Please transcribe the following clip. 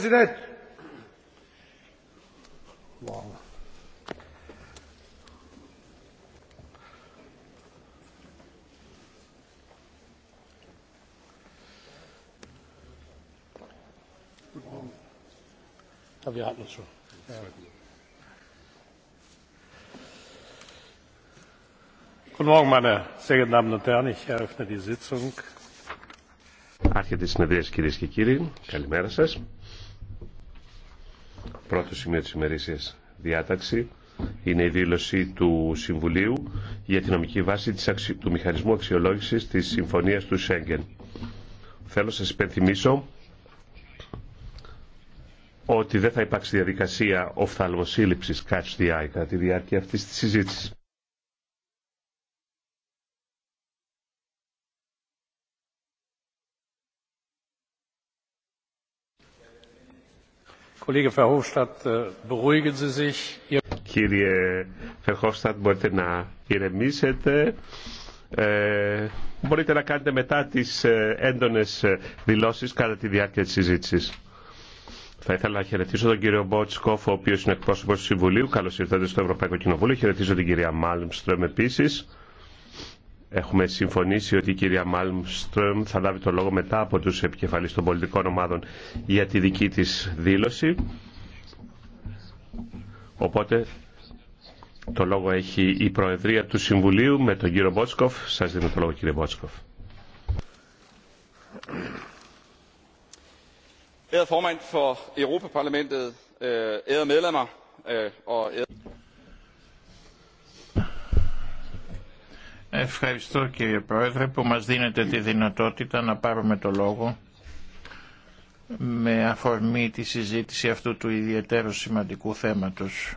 Herr Guten Morgen, meine sehr geehrten Damen und Herren. Ich eröffne die Sitzung. Άρχεται τη συνεδρία, κυρίε και κύριοι. Καλημέρα σα. Πρώτο σημείο τη ημερήσια διάταξη είναι η δήλωση του Συμβουλίου για την νομική βάση του μηχανισμού αξιολόγηση τη Συμφωνία του Σέγγεν. Θέλω να σα υπενθυμίσω ότι δεν θα υπάρξει διαδικασία οφθαλμοσύλληψης catch the eye κατά τη διάρκεια αυτής της συζήτησης. Äh, Κύριε Φερχόφστατ, μπορείτε να ηρεμήσετε. Ε, μπορείτε να κάνετε μετά τις ε, έντονες ε, δηλώσεις κατά τη διάρκεια της συζήτησης. Θα ήθελα να χαιρετήσω τον κύριο Μπότσκοφ, ο οποίος είναι εκπρόσωπος του Συμβουλίου. Καλώς ήρθατε στο Ευρωπαϊκό Κοινοβούλιο. Χαιρετίζω την κυρία Μάλμστρομ επίσης. Έχουμε συμφωνήσει ότι η κυρία Μάλμστρομ θα λάβει το λόγο μετά από τους επικεφαλείς των πολιτικών ομάδων για τη δική της δήλωση. Οπότε το λόγο έχει η Προεδρία του Συμβουλίου με τον κύριο Μπότσκοφ. Σας δίνω το λόγο κύριε Μπότσκοφ. formand for Europaparlamentet, Ευχαριστώ κύριε Πρόεδρε που μας δίνετε τη δυνατότητα να πάρουμε το λόγο με αφορμή τη συζήτηση αυτού του ιδιαίτερου σημαντικού θέματος.